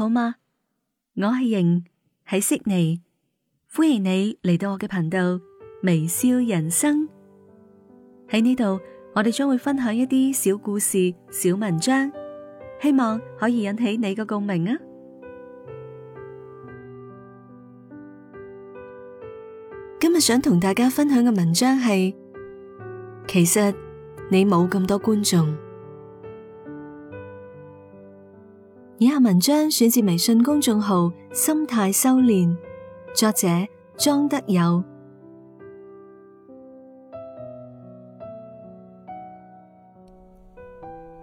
好嗎？我係瑩，喺悉尼，歡迎你嚟到我嘅頻道微笑人生。喺呢度，我哋將會分享一啲小故事、小文章，希望可以引起你嘅共鳴啊！今日想同大家分享嘅文章係：其實你冇咁多觀眾。以下文章選自微信公眾號《心態修煉》，作者莊德友。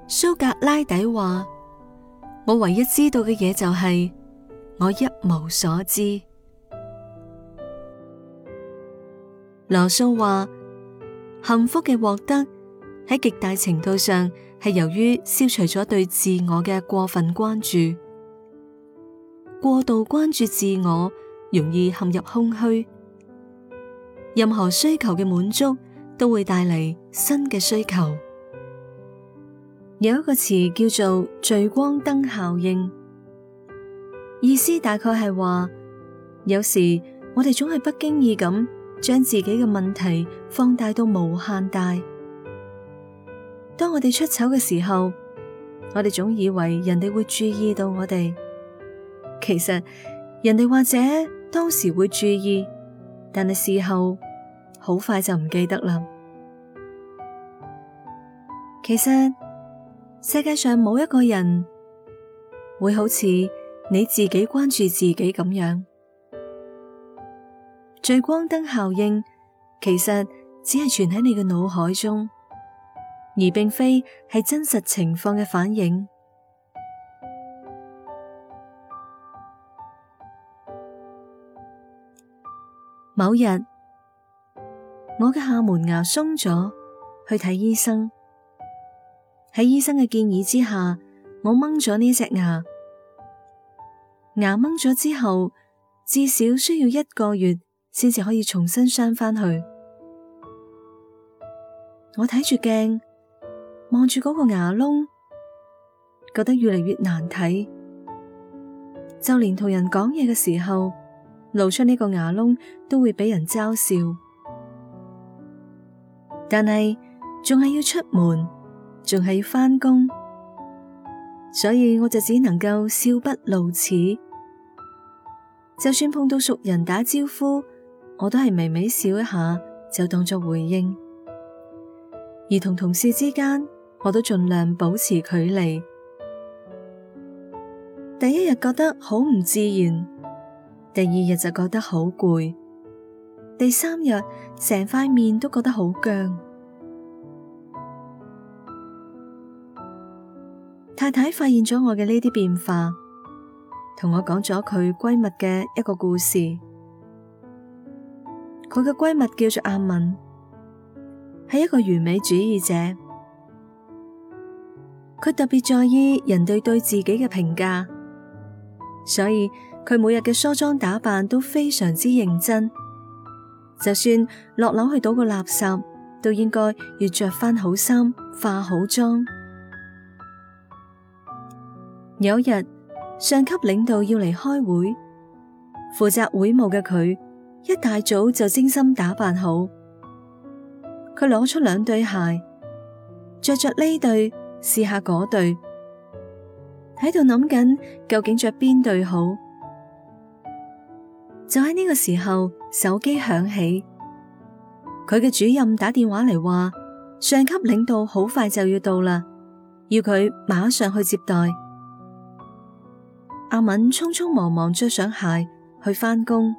蘇格拉底話：我唯一知道嘅嘢就係我一無所知。羅素話：幸福嘅獲得。喺極大程度上係由於消除咗對自我嘅過分關注，過度關注自我容易陷入空虛。任何需求嘅滿足都會帶嚟新嘅需求。有一個詞叫做聚光燈效應，意思大概係話，有時我哋總係不經意咁將自己嘅問題放大到無限大。當我哋出醜嘅時候，我哋總以為人哋會注意到我哋。其實人哋或者當時會注意，但係事後好快就唔記得啦。其實世界上冇一個人會好似你自己關注自己咁樣。聚光燈效應其實只係存喺你嘅腦海中。而並非係真實情況嘅反應。某日，我嘅下門牙鬆咗，去睇醫生。喺醫生嘅建議之下，我掹咗呢隻牙。牙掹咗之後，至少需要一個月，先至可以重新鑲翻去。我睇住鏡。望住嗰個牙窿，覺得越嚟越難睇，就連同人講嘢嘅時候，露出呢個牙窿都會俾人嘲笑。但係仲係要出門，仲係要翻工，所以我就只能夠笑不露齒。就算碰到熟人打招呼，我都係微微笑一下就當作回應，而同同事之間。我都盡量保持距離。第一日覺得好唔自然，第二日就覺得好攰，第三日成塊面都覺得好僵。 太太發現咗我嘅呢啲變化，同我講咗佢閨蜜嘅一個故事。佢嘅閨蜜叫做阿敏，係一個完美主義者。佢特別在意人哋對對自己嘅評價，所以佢每日嘅梳妝打扮都非常之認真。就算落樓去倒個垃圾，都應該要着翻好衫、化好妝。有一日，上級領導要嚟開會，負責會務嘅佢一大早就精心打扮好，佢攞出兩對鞋，着着呢對。試下嗰對，喺度諗緊究竟着邊對好。就喺呢個時候，手機響起，佢嘅主任打電話嚟話，上級領導好快就要到啦，要佢馬上去接待。阿敏匆匆忙忙着上鞋去翻工。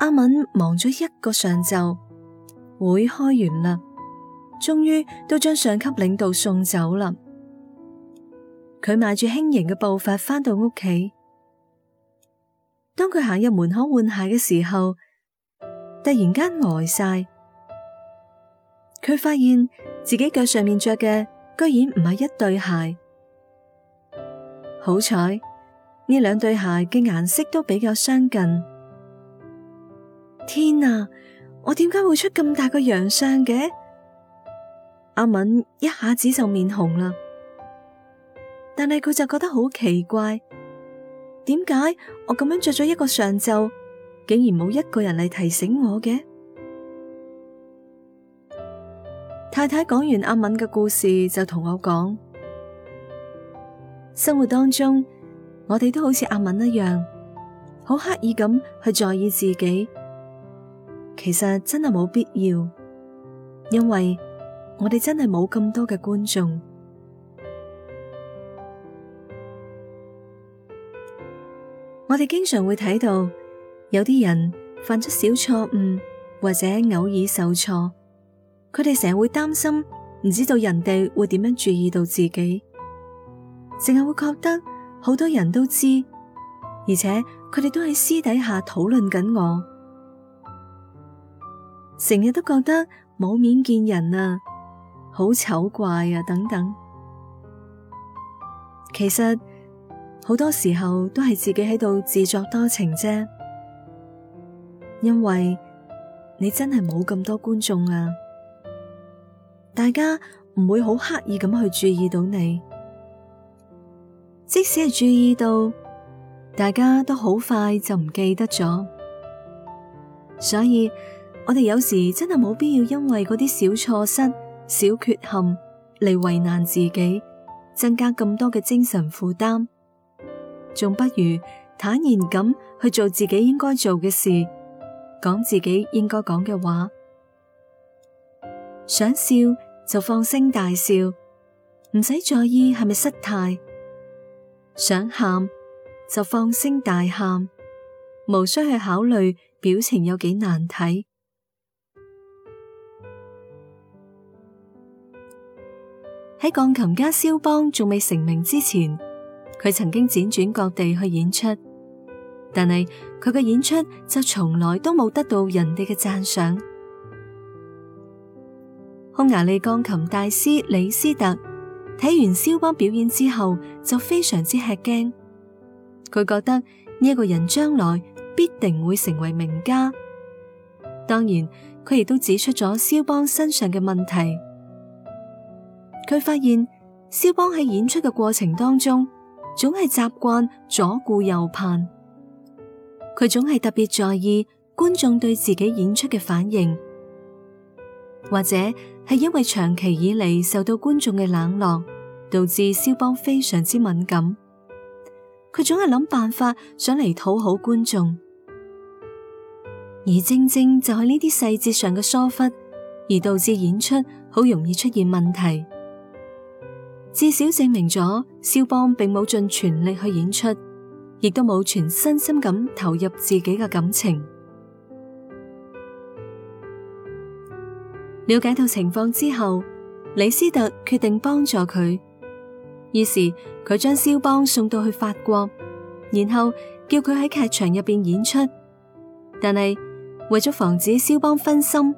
阿敏忙咗一個上晝，會開完啦。終於都將上級領導送走啦。佢邁住輕盈嘅步伐返到屋企。當佢行入門口換鞋嘅時候，突然間呆晒。佢發現自己腳上面着嘅居然唔係一對鞋。好彩，呢兩對鞋嘅顏色都比較相近。天啊，我點解會出咁大個洋相嘅？阿敏一下子就面紅啦，但係佢就覺得好奇怪，點解我咁樣着咗一個上晝，竟然冇一個人嚟提醒我嘅？太太講完阿敏嘅故事，就同我講，生活當中我哋都好似阿敏一樣，好刻意咁去在意自己，其實真係冇必要，因為。我哋真係冇咁多嘅觀眾，我哋經常會睇到有啲人犯咗小錯誤，或者偶爾受挫，佢哋成日會擔心，唔知道人哋會點樣注意到自己，成日會覺得好多人都知，而且佢哋都喺私底下討論緊我，成日都覺得冇面見人啊！好醜怪啊！等等，其實好多時候都係自己喺度自作多情啫。因為你真係冇咁多觀眾啊，大家唔會好刻意咁去注意到你。即使係注意到，大家都好快就唔記得咗。所以我哋有時真係冇必要因為嗰啲小錯失，小缺陷嚟為難自己，增加咁多嘅精神負擔，仲不如坦然咁去做自己應該做嘅事，講自己應該講嘅話。想笑就放聲大笑，唔使在意係咪失態；想喊就放聲大喊，無需去考慮表情有幾難睇。喺鋼琴家肖邦仲未成名之前，佢曾經輾轉各地去演出，但係佢嘅演出就從來都冇得到人哋嘅讚賞。匈牙利鋼琴大師李斯特睇完肖邦表演之後，就非常之吃驚，佢覺得呢一個人將來必定會成為名家。當然，佢亦都指出咗肖邦身上嘅問題。佢發現，肖邦喺演出嘅過程當中總係習慣左顧右盼，佢總係特別在意觀眾對自己演出嘅反應，或者係因為長期以嚟受到觀眾嘅冷落，導致肖邦非常之敏感。佢總係諗辦法想嚟討好觀眾，而正正就係呢啲細節上嘅疏忽，而導致演出好容易出現問題。至少證明咗，肖邦並冇盡全力去演出，亦都冇全身心咁投入自己嘅感情。了解到情況之後，李斯特決定幫助佢，於是佢將肖邦送到去法國，然後叫佢喺劇場入邊演出。但係為咗防止肖邦分心，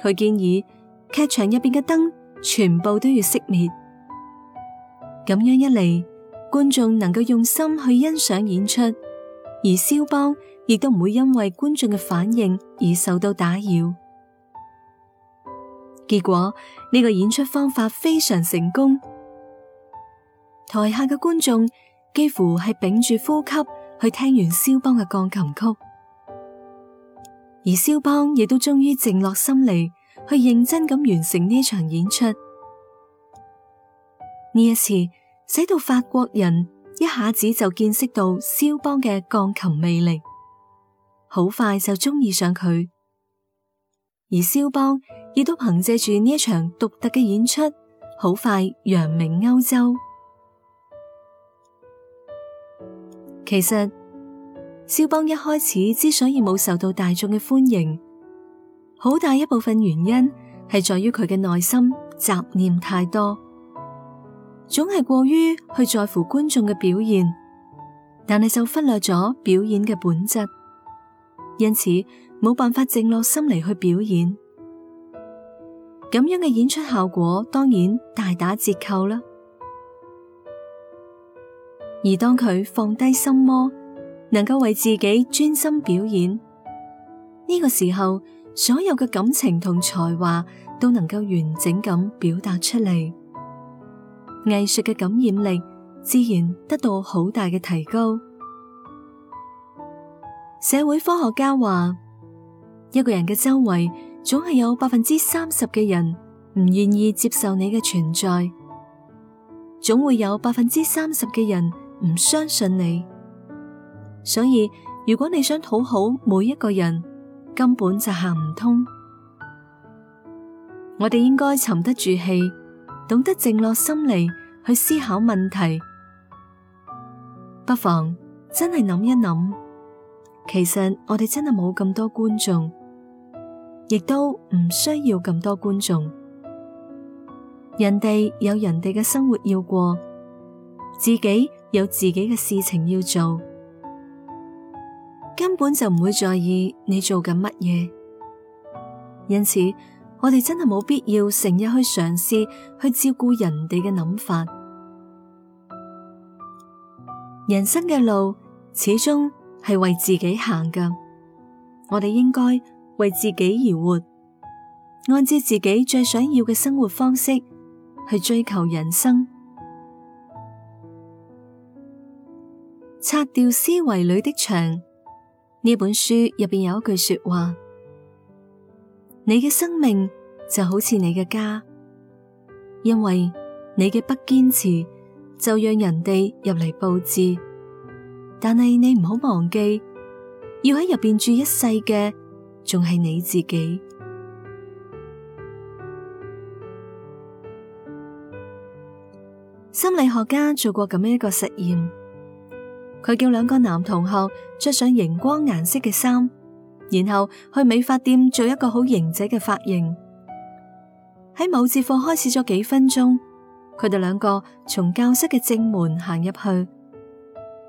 佢建議劇場入邊嘅燈全部都要熄滅。咁樣一嚟，觀眾能夠用心去欣賞演出，而肖邦亦都唔會因為觀眾嘅反應而受到打擾。結果呢個演出方法非常成功，台下嘅觀眾幾乎係屏住呼吸去聽完肖邦嘅鋼琴曲，而肖邦亦都終於靜落心嚟，去認真咁完成呢場演出。呢一次，使到法國人一下子就見識到肖邦嘅鋼琴魅力，好快就中意上佢。而肖邦亦都憑借住呢一場獨特嘅演出，好快揚名歐洲。其實，肖邦一開始之所以冇受到大眾嘅歡迎，好大一部分原因係在於佢嘅內心雜念太多。總係過於去在乎觀眾嘅表現，但係就忽略咗表演的本質，因此冇辦法靜落心嚟去表演。這樣的演出效果當然大打折扣啦。而當他放低心魔，能夠為自己專心表演，這個時候所有的感情和才華都能夠完整咁表達出嚟。藝術嘅感染力自然得到好大嘅提高。社會科學家話，一個人嘅周圍總係有百分之三十嘅人唔願意接受你嘅存在，總會有百分之三十嘅人唔相信你。所以如果你想討好每一個人，根本就行唔通。我哋應該沉得住氣。懂得靜落心嚟去思考問題，不妨真係諗一諗，其實我哋真係冇咁多觀眾，亦都唔需要咁多觀眾。人哋有人哋嘅生活要過，自己有自己嘅事情要做，根本就唔會在意你做緊乜嘢。因此。我哋真係冇必要成日去嘗試去照顧人哋嘅諗法，人生嘅路始終係為自己行噶。我哋應該為自己而活，按照自己最想要嘅生活方式去追求人生。拆掉思維裏的牆，呢本書入邊有一句說話。你嘅生命就好似你嘅家，因為你嘅不堅持就讓人哋入嚟布置，但係你唔好忘記，要喺入邊住一世嘅仲係你自己。心理學家做過咁樣一個實驗，佢叫兩個男同學着上熒光顏色嘅衫。然後去美髮店做一個好型仔嘅髮型。喺某節課開始咗幾分鐘，佢哋兩個從教室嘅正門行入去，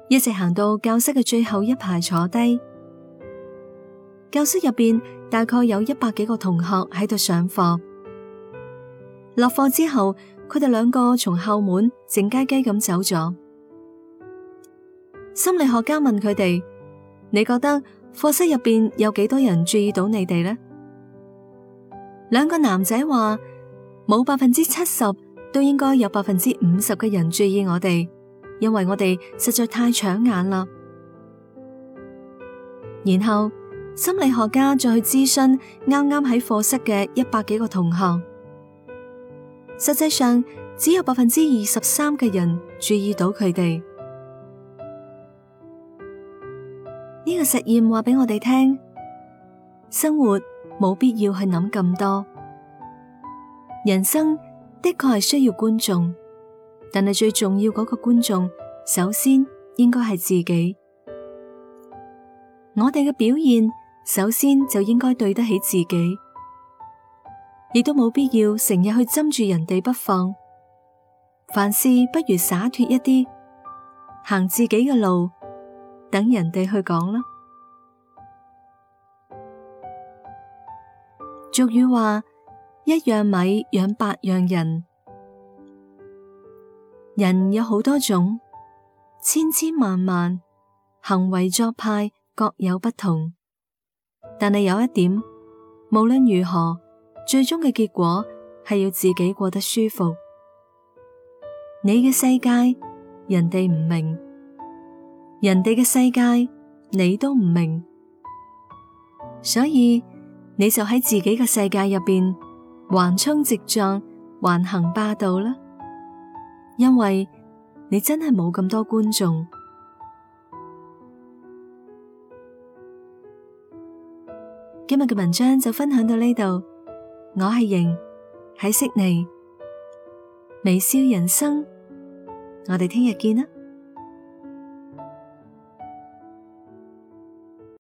一直行到教室嘅最後一排坐低。教室入邊大概有一百幾個同學喺度上課。落課之後，佢哋兩個從後門靜雞雞咁走咗。心理學家問佢哋：你覺得？課室入邊有幾多人注意到你哋呢？兩個男仔話：冇百分之七十都應該有百分之五十嘅人注意我哋，因為我哋實在太搶眼啦。然後心理學家再去諮詢啱啱喺課室嘅一百幾個同學，實際上只有百分之二十三嘅人注意到佢哋。實驗話俾我哋聽，生活冇必要去諗咁多。人生的確係需要觀眾，但係最重要嗰個觀眾，首先應該係自己。我哋嘅表現，首先就應該對得起自己，亦都冇必要成日去針住人哋不放。凡事不如灑脫一啲，行自己嘅路，等人哋去講啦。俗語話：一樣米養百樣人，人有好多種，千千萬萬，行為作派各有不同。但係有一點，無論如何，最終嘅結果係要自己過得舒服。你嘅世界，人哋唔明；人哋嘅世界，你都唔明。所以，你就喺自己嘅世界入邊橫衝直撞、橫行霸道啦，因為你真係冇咁多觀眾。今日嘅文章就分享到呢度，我係瑩喺悉尼微笑人生，我哋聽日見啦。